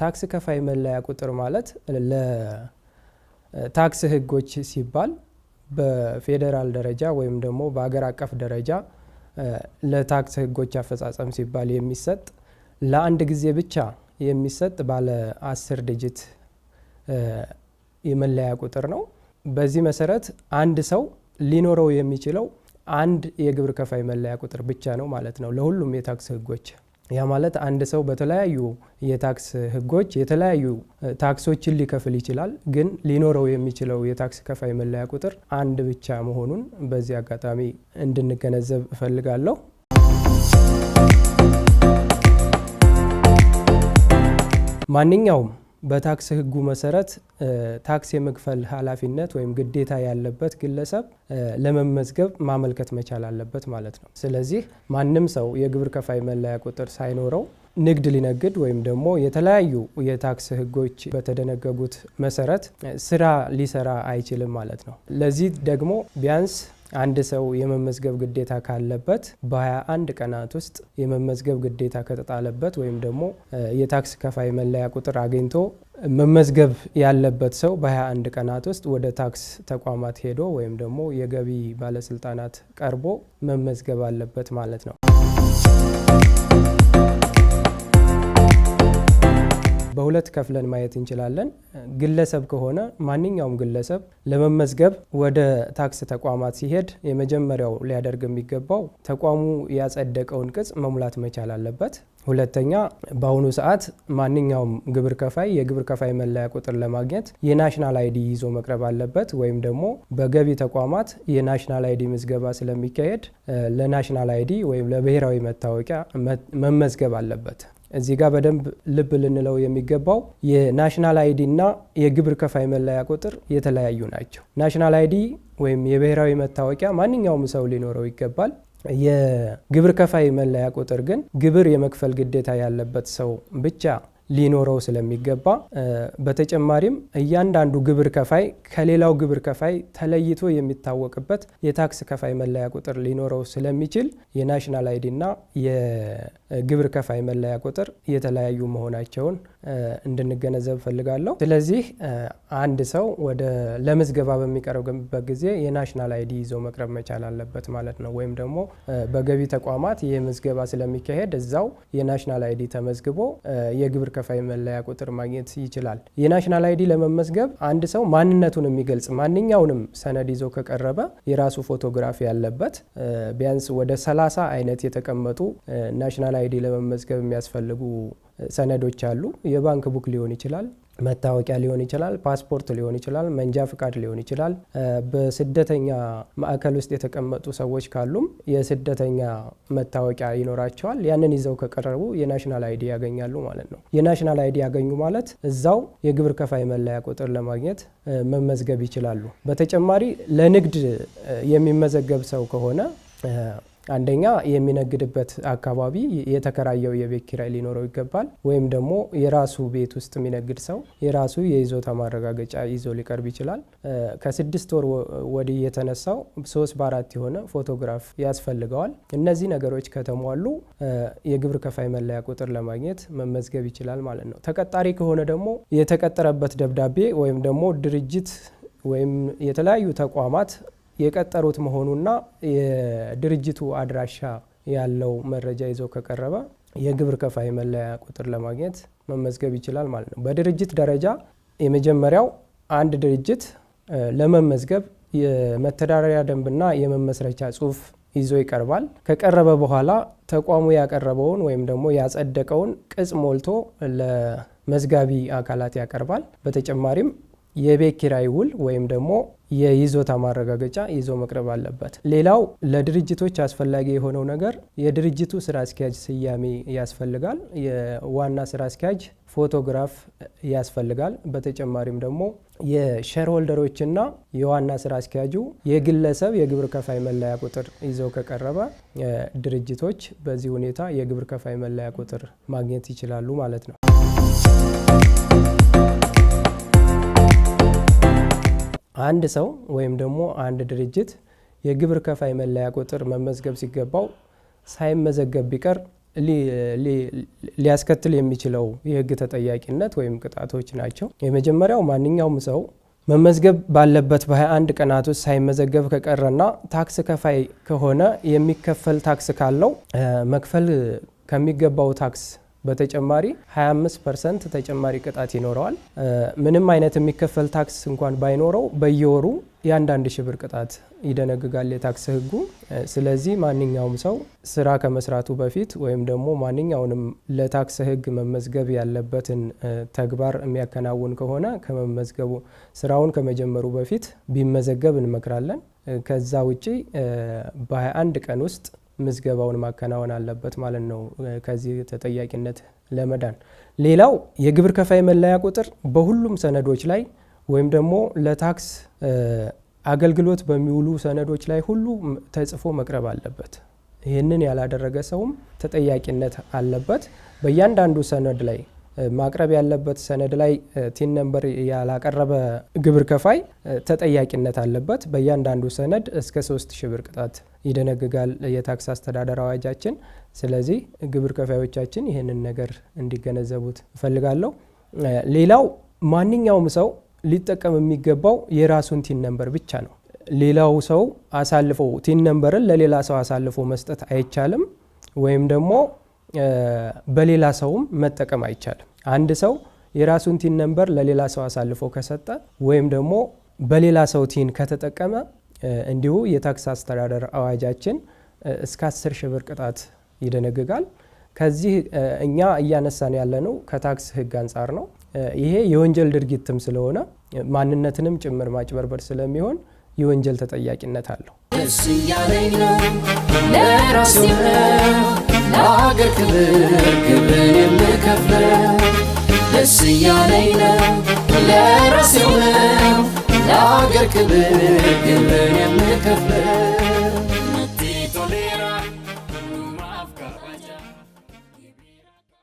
ታክስ ከፋይ መለያ ቁጥር ማለት ለታክስ ህጎች ሲባል በፌዴራል ደረጃ ወይም ደግሞ በሀገር አቀፍ ደረጃ ለታክስ ህጎች አፈጻጸም ሲባል የሚሰጥ ለአንድ ጊዜ ብቻ የሚሰጥ ባለ አስር ዲጂት የመለያ ቁጥር ነው። በዚህ መሰረት አንድ ሰው ሊኖረው የሚችለው አንድ የግብር ከፋይ መለያ ቁጥር ብቻ ነው ማለት ነው ለሁሉም የታክስ ህጎች። ያ ማለት አንድ ሰው በተለያዩ የታክስ ህጎች የተለያዩ ታክሶችን ሊከፍል ይችላል። ግን ሊኖረው የሚችለው የታክስ ከፋይ መለያ ቁጥር አንድ ብቻ መሆኑን በዚህ አጋጣሚ እንድንገነዘብ እፈልጋለሁ። ማንኛውም በታክስ ህጉ መሰረት ታክስ የመክፈል ኃላፊነት ወይም ግዴታ ያለበት ግለሰብ ለመመዝገብ ማመልከት መቻል አለበት ማለት ነው። ስለዚህ ማንም ሰው የግብር ከፋይ መለያ ቁጥር ሳይኖረው ንግድ ሊነግድ ወይም ደግሞ የተለያዩ የታክስ ህጎች በተደነገጉት መሰረት ስራ ሊሰራ አይችልም ማለት ነው። ለዚህ ደግሞ ቢያንስ አንድ ሰው የመመዝገብ ግዴታ ካለበት በ21 ቀናት ውስጥ የመመዝገብ ግዴታ ከተጣለበት ወይም ደግሞ የታክስ ከፋይ መለያ ቁጥር አግኝቶ መመዝገብ ያለበት ሰው በ21 ቀናት ውስጥ ወደ ታክስ ተቋማት ሄዶ ወይም ደግሞ የገቢ ባለስልጣናት ቀርቦ መመዝገብ አለበት ማለት ነው። በሁለት ከፍለን ማየት እንችላለን። ግለሰብ ከሆነ ማንኛውም ግለሰብ ለመመዝገብ ወደ ታክስ ተቋማት ሲሄድ የመጀመሪያው ሊያደርግ የሚገባው ተቋሙ ያጸደቀውን ቅጽ መሙላት መቻል አለበት። ሁለተኛ በአሁኑ ሰዓት ማንኛውም ግብር ከፋይ የግብር ከፋይ መለያ ቁጥር ለማግኘት የናሽናል አይዲ ይዞ መቅረብ አለበት። ወይም ደግሞ በገቢ ተቋማት የናሽናል አይዲ ምዝገባ ስለሚካሄድ ለናሽናል አይዲ ወይም ለብሔራዊ መታወቂያ መመዝገብ አለበት። እዚህ ጋር በደንብ ልብ ልንለው የሚገባው የናሽናል አይዲ እና የግብር ከፋይ መለያ ቁጥር የተለያዩ ናቸው። ናሽናል አይዲ ወይም የብሔራዊ መታወቂያ ማንኛውም ሰው ሊኖረው ይገባል። የግብር ከፋይ መለያ ቁጥር ግን ግብር የመክፈል ግዴታ ያለበት ሰው ብቻ ሊኖረው ስለሚገባ በተጨማሪም እያንዳንዱ ግብር ከፋይ ከሌላው ግብር ከፋይ ተለይቶ የሚታወቅበት የታክስ ከፋይ መለያ ቁጥር ሊኖረው ስለሚችል የናሽናል አይዲ እና የግብር ከፋይ መለያ ቁጥር የተለያዩ መሆናቸውን እንድንገነዘብ ፈልጋለሁ። ስለዚህ አንድ ሰው ወደ ለምዝገባ በሚቀርብበት ጊዜ የናሽናል አይዲ ይዞ መቅረብ መቻል አለበት ማለት ነው። ወይም ደግሞ በገቢ ተቋማት ይህ ምዝገባ ስለሚካሄድ እዛው የናሽናል አይዲ ተመዝግቦ የግብር ከፋይ መለያ ቁጥር ማግኘት ይችላል። የናሽናል አይዲ ለመመዝገብ አንድ ሰው ማንነቱን የሚገልጽ ማንኛውንም ሰነድ ይዞ ከቀረበ የራሱ ፎቶግራፍ ያለበት ቢያንስ ወደ ሰላሳ አይነት የተቀመጡ ናሽናል አይዲ ለመመዝገብ የሚያስፈልጉ ሰነዶች አሉ። የባንክ ቡክ ሊሆን ይችላል መታወቂያ ሊሆን ይችላል፣ ፓስፖርት ሊሆን ይችላል፣ መንጃ ፍቃድ ሊሆን ይችላል። በስደተኛ ማዕከል ውስጥ የተቀመጡ ሰዎች ካሉም የስደተኛ መታወቂያ ይኖራቸዋል። ያንን ይዘው ከቀረቡ የናሽናል አይዲ ያገኛሉ ማለት ነው። የናሽናል አይዲ ያገኙ ማለት እዛው የግብር ከፋይ መለያ ቁጥር ለማግኘት መመዝገብ ይችላሉ። በተጨማሪ ለንግድ የሚመዘገብ ሰው ከሆነ አንደኛ የሚነግድበት አካባቢ የተከራየው የቤት ኪራይ ሊኖረው ይገባል። ወይም ደግሞ የራሱ ቤት ውስጥ የሚነግድ ሰው የራሱ የይዞታ ማረጋገጫ ይዞ ሊቀርብ ይችላል። ከስድስት ወር ወዲህ የተነሳው ሶስት በአራት የሆነ ፎቶግራፍ ያስፈልገዋል። እነዚህ ነገሮች ከተሟሉ የግብር ከፋይ መለያ ቁጥር ለማግኘት መመዝገብ ይችላል ማለት ነው። ተቀጣሪ ከሆነ ደግሞ የተቀጠረበት ደብዳቤ ወይም ደግሞ ድርጅት ወይም የተለያዩ ተቋማት የቀጠሩት መሆኑና የድርጅቱ አድራሻ ያለው መረጃ ይዞ ከቀረበ የግብር ከፋይ መለያ ቁጥር ለማግኘት መመዝገብ ይችላል ማለት ነው። በድርጅት ደረጃ የመጀመሪያው አንድ ድርጅት ለመመዝገብ የመተዳደሪያ ደንብና የመመስረቻ ጽሁፍ ይዞ ይቀርባል። ከቀረበ በኋላ ተቋሙ ያቀረበውን ወይም ደግሞ ያጸደቀውን ቅጽ ሞልቶ ለመዝጋቢ አካላት ያቀርባል። በተጨማሪም የቤት ኪራይ ውል ወይም ደግሞ የይዞታ ማረጋገጫ ይዞ መቅረብ አለበት። ሌላው ለድርጅቶች አስፈላጊ የሆነው ነገር የድርጅቱ ስራ አስኪያጅ ስያሜ ያስፈልጋል። የዋና ስራ አስኪያጅ ፎቶግራፍ ያስፈልጋል። በተጨማሪም ደግሞ የሸርሆልደሮችና የዋና ስራ አስኪያጁ የግለሰብ የግብር ከፋይ መለያ ቁጥር ይዘው ከቀረበ ድርጅቶች በዚህ ሁኔታ የግብር ከፋይ መለያ ቁጥር ማግኘት ይችላሉ ማለት ነው። አንድ ሰው ወይም ደግሞ አንድ ድርጅት የግብር ከፋይ መለያ ቁጥር መመዝገብ ሲገባው ሳይመዘገብ ቢቀር ሊያስከትል የሚችለው የህግ ተጠያቂነት ወይም ቅጣቶች ናቸው። የመጀመሪያው ማንኛውም ሰው መመዝገብ ባለበት በ21 ቀናት ውስጥ ሳይመዘገብ ከቀረና ታክስ ከፋይ ከሆነ የሚከፈል ታክስ ካለው መክፈል ከሚገባው ታክስ በተጨማሪ 25 ፐርሰንት ተጨማሪ ቅጣት ይኖረዋል። ምንም አይነት የሚከፈል ታክስ እንኳን ባይኖረው በየወሩ የአንዳንድ ሽብር ብር ቅጣት ይደነግጋል የታክስ ህጉ ስለዚህ ማንኛውም ሰው ስራ ከመስራቱ በፊት ወይም ደግሞ ማንኛውንም ለታክስ ህግ መመዝገብ ያለበትን ተግባር የሚያከናውን ከሆነ ከመመዝገቡ ስራውን ከመጀመሩ በፊት ቢመዘገብ እንመክራለን። ከዛ ውጪ በ21 ቀን ውስጥ ምዝገባውን ማከናወን አለበት ማለት ነው። ከዚህ ተጠያቂነት ለመዳን ሌላው የግብር ከፋይ መለያ ቁጥር በሁሉም ሰነዶች ላይ ወይም ደግሞ ለታክስ አገልግሎት በሚውሉ ሰነዶች ላይ ሁሉ ተጽፎ መቅረብ አለበት። ይህንን ያላደረገ ሰውም ተጠያቂነት አለበት። በእያንዳንዱ ሰነድ ላይ ማቅረብ ያለበት ሰነድ ላይ ቲን ነንበር ያላቀረበ ግብር ከፋይ ተጠያቂነት አለበት። በእያንዳንዱ ሰነድ እስከ ሶስት ሺ ብር ቅጣት ይደነግጋል የታክስ አስተዳደር አዋጃችን። ስለዚህ ግብር ከፋዮቻችን ይህንን ነገር እንዲገነዘቡት እፈልጋለሁ። ሌላው ማንኛውም ሰው ሊጠቀም የሚገባው የራሱን ቲን ነንበር ብቻ ነው። ሌላው ሰው አሳልፎ ቲን ነንበርን ለሌላ ሰው አሳልፎ መስጠት አይቻልም፣ ወይም ደግሞ በሌላ ሰውም መጠቀም አይቻልም። አንድ ሰው የራሱን ቲን ነንበር ለሌላ ሰው አሳልፎ ከሰጠ ወይም ደግሞ በሌላ ሰው ቲን ከተጠቀመ እንዲሁ የታክስ አስተዳደር አዋጃችን እስከ 10 ሺህ ብር ቅጣት ይደነግጋል። ከዚህ እኛ እያነሳን ያለነው ከታክስ ህግ አንጻር ነው። ይሄ የወንጀል ድርጊትም ስለሆነ ማንነትንም ጭምር ማጭበርበር ስለሚሆን የወንጀል ተጠያቂነት አለው። ደስ እያለኝ ለራሴ ክብር የምከፍለው ደስ እያለኝ ነው ለራሴ ለአገር ክብር